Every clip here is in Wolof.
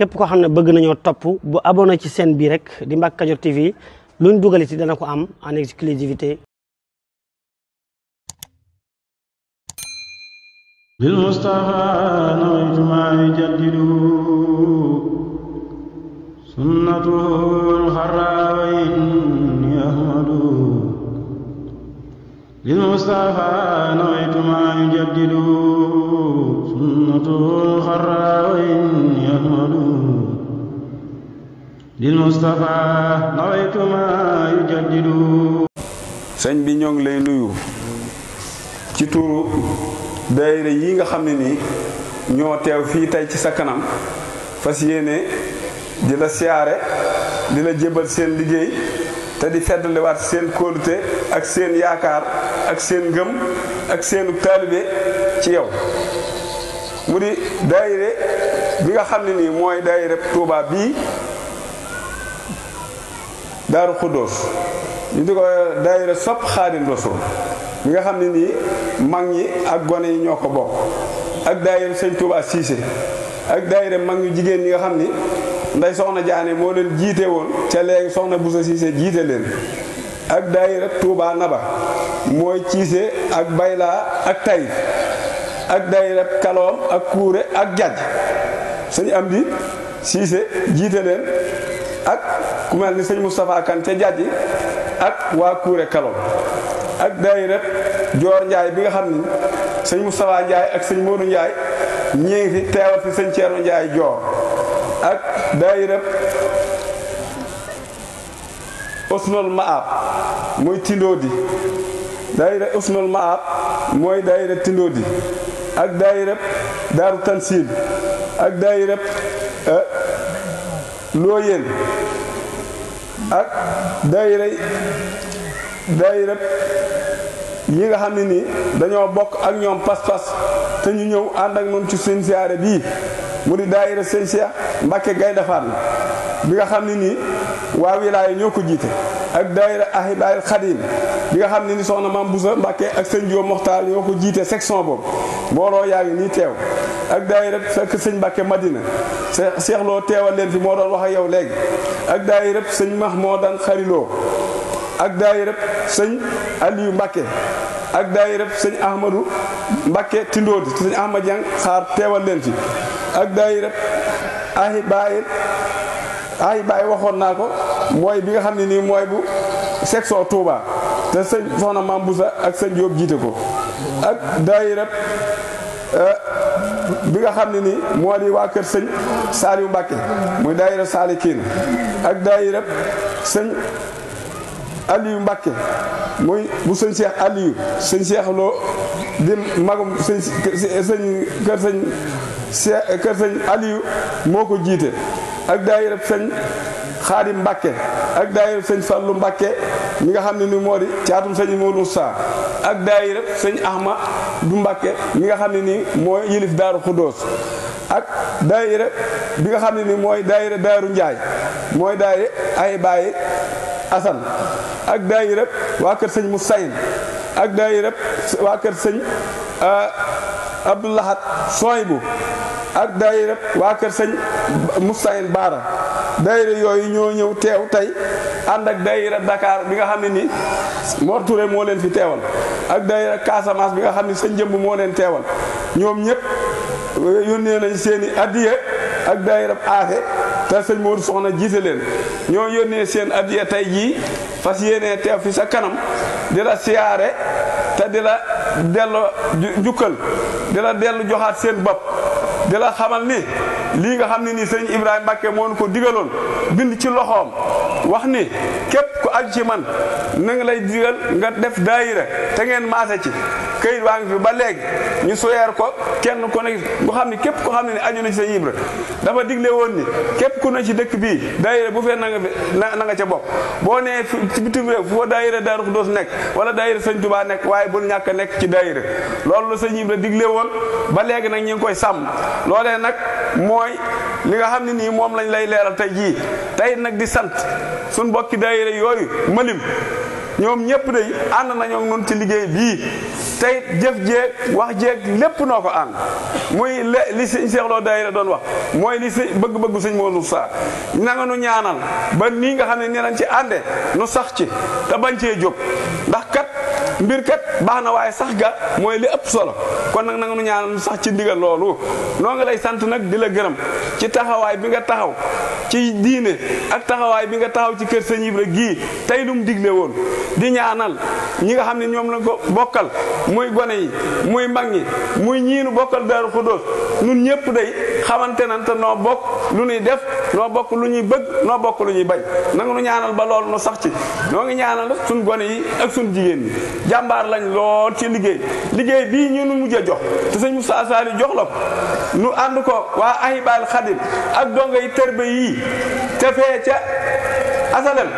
képp koo xam ne bëgg nañoo topp bu abonné ci seen bi rek di Mbacke Kadior TV luñ dugal ci dana ko am en exclusivité للمصطفى نويت ما يجدد سنته الخرى وإني أحمد للمصطفى نويت للمصطفى نويت ما يجدد sëñ bi ñoo ngi lay nuyu ci turu daayira yi nga xam ne nii ñoo teew fii tey ci sa kanam fas yéene di la siyaare di la jébal seen liggéey te di feddaliwaat seen kóolute ak seen yaakaar ak seen ngëm ak seenu taalibe ci yow mu di daayira bi nga xam ne nii mooy daayira Tuubaa bii daaru xuddoos ñu di ko euh, daayira sopp xaadim rasul mi nga xam ne nii mag ñi ak gone yi ñoo ko bokk ak daayira sëñ Tuuba Siise ak daayira mag ñu jigéen ñi nga xam ni nday soxna jaane moo leen jiite woon ca léegi soxna Busa Siise jiite leen ak daayira Tuuba Naba mooy ciise ak baylaa ak tay ak daayira kaloom ak kuure ak jaj sëñ am di siise jiite leen ak ku mel ni sëñ Moustapha Kane ca jàjji ak waa Kuure Kalom ak daayira Joor Njaay bi nga xam ni sëñ Moustapha Njaay ak sëñ Modou Njaay ñi ngi fi teewal fi sëñ Ceerno Njaay Joor ak daayira Usnul Maab mooy Tindóodi daayira Usnul Maab mooy daayira Tindóodi ak daayira Daaru Tansiil ak daayira eh, Looyeen ak dayre daayira yi nga xam ne nii dañoo bokk ak ñoom pas-pas te ñu ñëw ànd ak noonu ci seen siyaare bii mu di daayira sëñ Cheikh Mbacke bi nga xam ne nii waa wilaaya ñoo ko jiite ak daayira Ahibaayil Xadim bi nga xam ne ni soxna maam Boussa Mbacke ak sëñ Diop Moxtaar ñoo ko jiite section boobu mbooloo yaa ngi nii teew ak daayira fekk sëñ Mbàkke Madina Seex Loo teewal leen fi moo doon wax ak yow léegi ak daayira sëñ Max moo daan xariloo ak daayira sëñ Aliou Mbàkke ak daayira sëñ Ahmadou Mbàkke Tindóodi sëñ Ahmad Yang xaar teewal leen fi ak daayira ahi baay ahi baay waxoon naa ko mooy bi nga xam ne nii mooy bu seksoo Touba te sëñ soxna Mame Boussa ak sëñ Diop jiite ko ak daayira bi nga xam ne ni moo di waa kër sëñ Saliou Mbacke muy daayira Salikiin ak daayira sëñ Aliou Mbacke muy bu sëñ Cheikh Aliou sëñ Cheikh loo di magum sëñ sëñ kër sëñ Cheikh kër sëñ Aliou moo ko jiite ak daayira sëñ Xaadim Mbacke ak daayira sëñ Fallou Mbacke mu nga xam ne ni moo di caatum sëñ Mourou saa ak daayira sëñ Ahma bu Mbàkke mi nga xam ne nii mooy yilif daaru Xuddoos ak daayira bi nga xam ne ni mooy daayira daaru Njaay mooy daayira ay bàyyi Asan ak daayira waa kër sëñ Musayn ak daayira waa kër sëñ euh, Abdou Lahad ak daayira waa kër sëñ Musayn Baara daayira yooyu ñoo ñëw teew tey ànd ak daayira Dakar bi nga xam ne nii Mor moo leen fi teewal ak daayira Casamance bi nga xam ni sa njëmb moo leen teewal ñoom ñëpp yónnee nañ seeni i addiye ak daayira aafe te sëñ Modou Soxna jiite leen ñoo yónnee seen addiye tey jii fas yéenee teew fi sa kanam di la siyaare te di la delloo jukkal di la dellu joxaat seen bopp di la xamal ni lii nga xam ne nii sëñ Ibrahima Mbacke moo ko digaloon bind ci loxoom wax ni képp ku aju ci man na lay digal nga def daayira te ngeen maase ci këyit waa ngi fi ba léegi ñu soyeer ko kenn ku ne nga xam ne képp ko xam ne ne aju na ci sa yibra dafa digle woon ni képp ku ne ci dëkk bii daayira bu fee na nga na nga ca bopp boo nee ci bitim réew fu fa daayira Daaru Xudoos nekk wala daayira Sëñ Tuubaa nekk waaye bul ñàkk nekk ci daayira loolu la sa yibra digle woon ba léegi nag ñu ngi koy sàmm loolee nag mooy li nga xam ne nii moom lañ lay leeral tey jii tey nag di sant suñ bokki daayira yooyu malim ñoom ñëpp day ànd nañoo nun ci liggéey bii tey jëf jéeg wax jéeg lépp noo ko ànd muy li sëñ Cheikh Lo doon wax mooy li si bëgg-bëggu sëñ Moodu Saa nanga nu ñaanal ba nii nga xam ne nee nañ ci ànde nu sax ci te bañ cee jóg ndax kat mbir kat baax na waaye sax ga mooy li ëpp solo kon nag nanga nu ñaanal nu sax ci ndigal loolu noo nga lay sant nag di la gërëm ci taxawaay bi nga taxaw ci diine ak taxawaay bi nga taxaw ci kër sëñ Ibra gii tey lu digle woon di ñaanal ñi nga xam ne ñoom ko bokkal muy gone yi muy mag ñi muy ñiinu bokkal daaru xudóos nun ñëpp day xamante nan te noo bokk lu nuy def noo bokk lu ñuy bëgg noo bokk lu ñuy bañ nanga nu ñaanal ba lool nu sax ci noo ngi ñaanal suñ gone yi ak sun jigéen ñi jàmbaar lañ lool ci liggéey liggéey bii ñu nu mujj a jox te sëñ Moussa Saliou jox nu ànd ko waa ahibal xadim ak dongo yi tërbe yi te fee ca asalem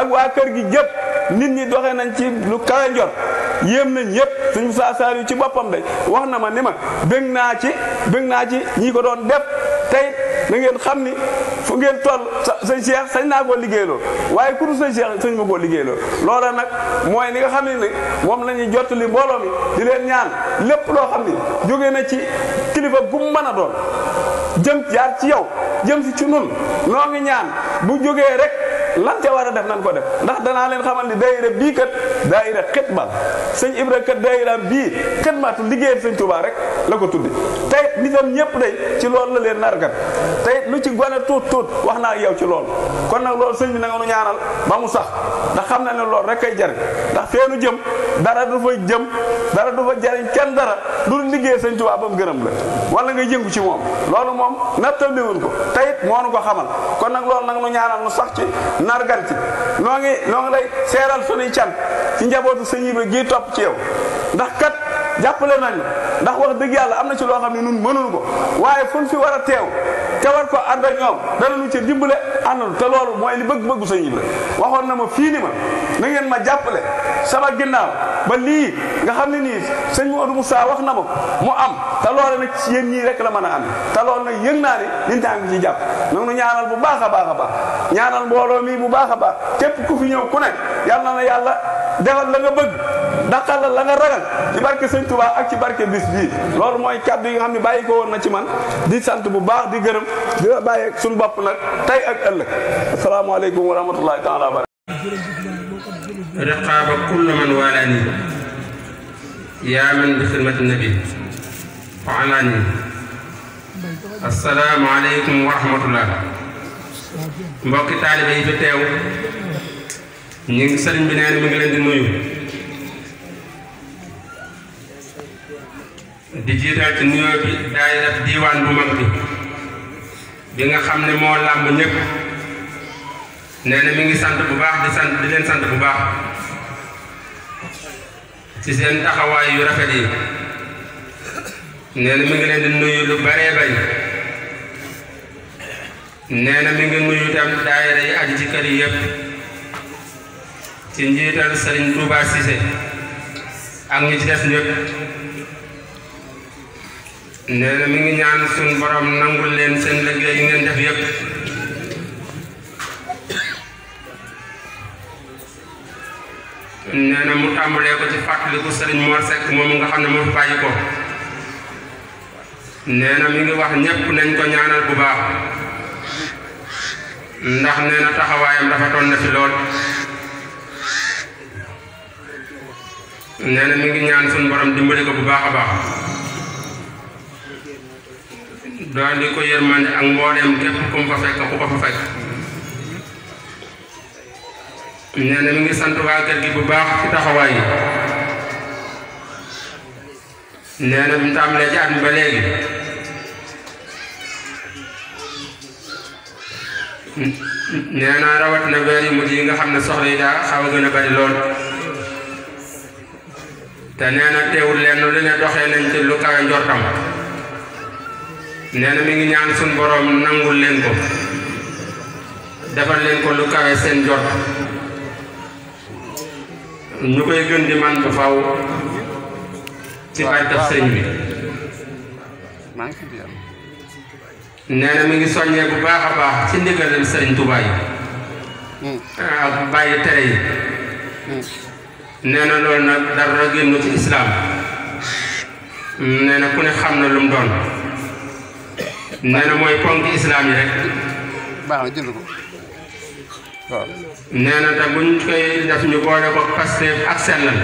ak waa kër gi jëpp nit ñi doxee nañ ci lu kawe njot yéem nañ ñëpp suñ Moussa Saliou ci boppam de wax na ma ni mag bëgg naa ci bëgg naa ci ñi ko doon def tey na ngeen xam ni fu ngeen toll sa Cheikh sañ naa koo liggéeyloo waaye kuru sëñ Cheikh sañ ma koo liggéeyloo loola nag mooy ni nga xam ne ni moom la ñuy jottali mbooloo mi di leen ñaan lépp loo xam ni jóge na ci kilifa gu mu mën a doon jëm jaar ci yow jëm si ci nun noo ngi ñaan bu jógee rek lan ca war a def nan ko def ndax danaa leen xamal ni daayira bii kat daayira xidma sëñ Ibra kat daayiraam bii xidmaatu liggéeyal sëñ Tuubaa rek la ko tudde tayit nitam ñëpp day ci lool la leen nar narkat tayit lu ci gone tuut tuut wax naa yow ci lool kon nag loolu sëñ bi na nga nu ñaanal ba mu sax ndax xam na ne loolu rek kay jariñ ndax feenu jëm dara du fa jëm dara du fa jariñ kenn dara du liggéey sëñ Tuubaa ba mu gërëm la wala nga yëngu ci moom loolu moom nattabliwuñ ko tayit moo nu ko xamal kon nag loolu nag nu ñaanal ci narganti noo ngi noo ngi lay seeral sunuy can ci njabootu sëñ Ibra gii topp ci yow ndax kat jàppale nañ ndax wax dëgg yàlla am na ci loo xam ne nun mënuñu ko waaye fu ñu fi war a teew te war ko ànd ak ñoom danañu ci dimbale àndal te loolu mooy li bëgg-bëggu sëñ Ibra waxoon na ma fii ni ma na ngeen ma jàppale sama ginnaaw ba lii nga xam ne nii sëñ mu saa wax na ma mu am ta loole nag ci yéen ñii rek la mën a am te loolu nag yëg naa ne nit ñaa ngi ci jàpp nag nu ñaanal bu baax a baax a baax ñaanal mbooloo mi bu baax a baax képp ku fi ñëw ku ne yal na na yàlla defal la nga bëgg daqal la la nga ragal ci barke sëñ Touba ak ci barke bis bii loolu mooy kàddu yi nga xam ne bàyyi ko woon na ci man di sant bu baax di gërëm di la bàyyi suñu bopp nag tey ak ëllëg asalaamaaleykum wa rahmatullahi taala wa barakatuh riqaaba kullu man waalaani yaa man bi xidmati nabi wa alaani assalaamu aleykum wa mbokki taalibe yi fi teew ñu ngi sëriñ bi nee na mi ngi leen di di jiital ci bi daay def diiwaan bu mag bi bi nga xam ne moo làmb ñëpp nee na ngi sant bu baax di sant di leen sant bu baax ci seen taxawaay yu rafet yi nee mu ngi leen di nuyu lu baree bay nee na mi ngi nuyu tam yi aju ci ci njiital Sëriñ Touba Cissé ak ñi ci des ñëpp nee na mi ngi ñaan suñ borom nangul leen seen liggéey yi def yëpp nee mu tàmbalee ko ci fàttaliku Serigne Mor Seck moom nga xam ne moo fi ko. nee na ngi wax ñépp nañ ko ñaanal bu baax ndax nee na taxawaayam rafetoon na fi lool. nee na mi ngi ñaan suñu borom dimbali ko bu baax a baax daal di ko yërmande ak mbooleem képp ku fa fekk ku fa fekk. nee na ngi sant waa gi bu baax ci taxawaay yi nee bi mu tàmbalee ci mi ba léegi nee rawat na weer yu mujj nga xam ne soxla yi daa xaw gën a bari lool te nee na teewul lu ne doxee nañ ci lu kawe njortam nee na mi ngi ñaan suñu boroom nangul leen ko defal leen ko lu kawe seen njort ñu koy gën di man ba faaw ci barkab sëñ bi nee na ngi soññee bu baax a baax ci ndigalal sëriñ Tuubaa yi hmm. ak ah, bàyyi tere yi hmm. nee na dara génnu ci islaam nee ku ne xam na lu mu doon nee mooy ponk islaam yi rek waaw nee na te buñ koy def ñu boole ko Pastef ak sellal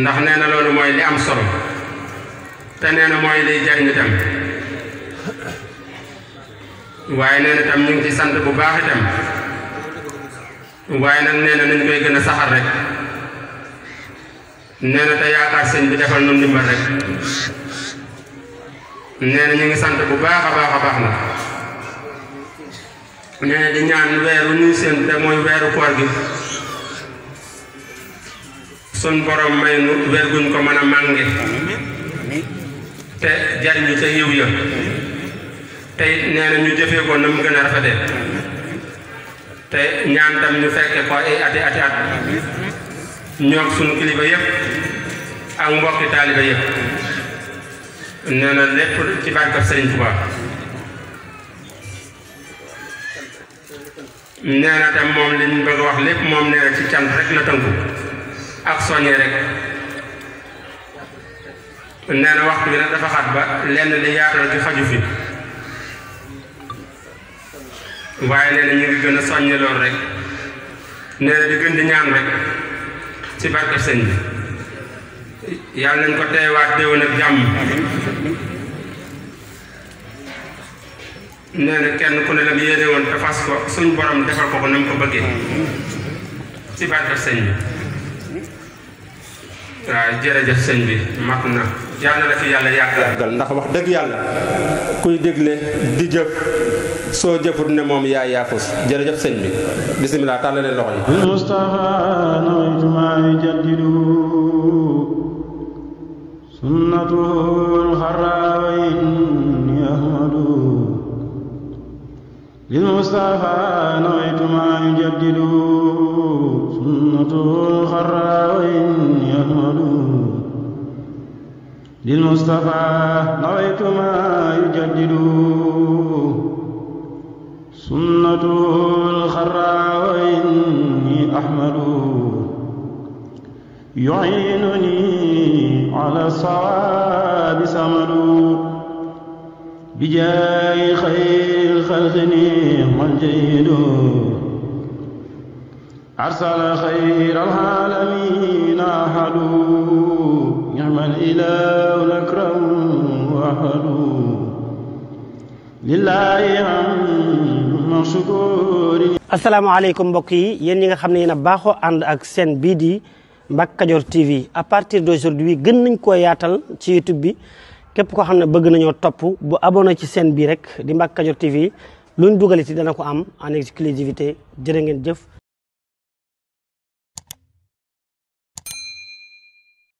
ndax nee na loolu mooy li am solo te nee mooy liy jariñ tam waaye nee tam ñu ngi ci sant bu baax itam waaye nag nee na nañ koy gën a saxar rek nee na te yaakaar sëñ bi defal nu rek nee ñu ngi sant bu baax a baax a baax na nee di ñaan weeru ñuy seen te mooy weeru koor gi sun borom may nu guñ ko mën a mànge te jariñu ca yiw ya tey nee na ñu jëfee ko na mu gën a rafete te ñaan tam ñu fekke ko ay ati ati at ñoom suñu kilifa yëpp ak mbokki taaliba yëpp nee na lépp ci barkab Sëriñ Tuubaa nee na tam moom li ñu bëgg a wax lépp moom nee na ci cant rek la tënku ak soññee rek nee waxtu bi nag dafa xat ba lenn li yaatal ci xaju fi waaye nee na ñu ngi gën a lool rek nee na gën di ñaan rek ci barke sëñ bi yàlla nañ ko teewaat déwén ak jàmm nee na kenn ku ne la mu yéene woon ko suñu borom defal ko ko na mu ko bëggee ci barkeb sëñ bi waaw jërëjëf sëñ bi mat na yàlla la fi yàlla yàggal ndax wax dëgg yàlla kuy dégle di jëf soo jëfut ne moom yaa yaafus jërëjëf sëñ bi bisimilah tàllal leen loxo yi Mustafa nawaytu maa yujaddidu sunnatuhu al-xarra wa ahmadu للمصطفى نويت ما يجدد سنته الخرى وإن يهمل للمصطفى نويت ما يجدد سنته الخرى وإني أحمل يعينني على الصواب سمر بجاه خير خزني والجيد أرسل خير العالمين أحد نعم الإله الأكرم وأحد لله am شكور asalaamaaleykum mbokk yi yéen ñi nga xam ne yéen a baaxoo ànd ak seen bii di Mbacke Kadior TV à partir d'aujourd'hui gën nañ koo yaatal ci YouTube bi képp koo xam ne bëgg nañoo topp bu abonné ci seen bii rek di Mbacke Kadior TV luñ dugaliti dana ko am en exclusivité jërë ngeen jëf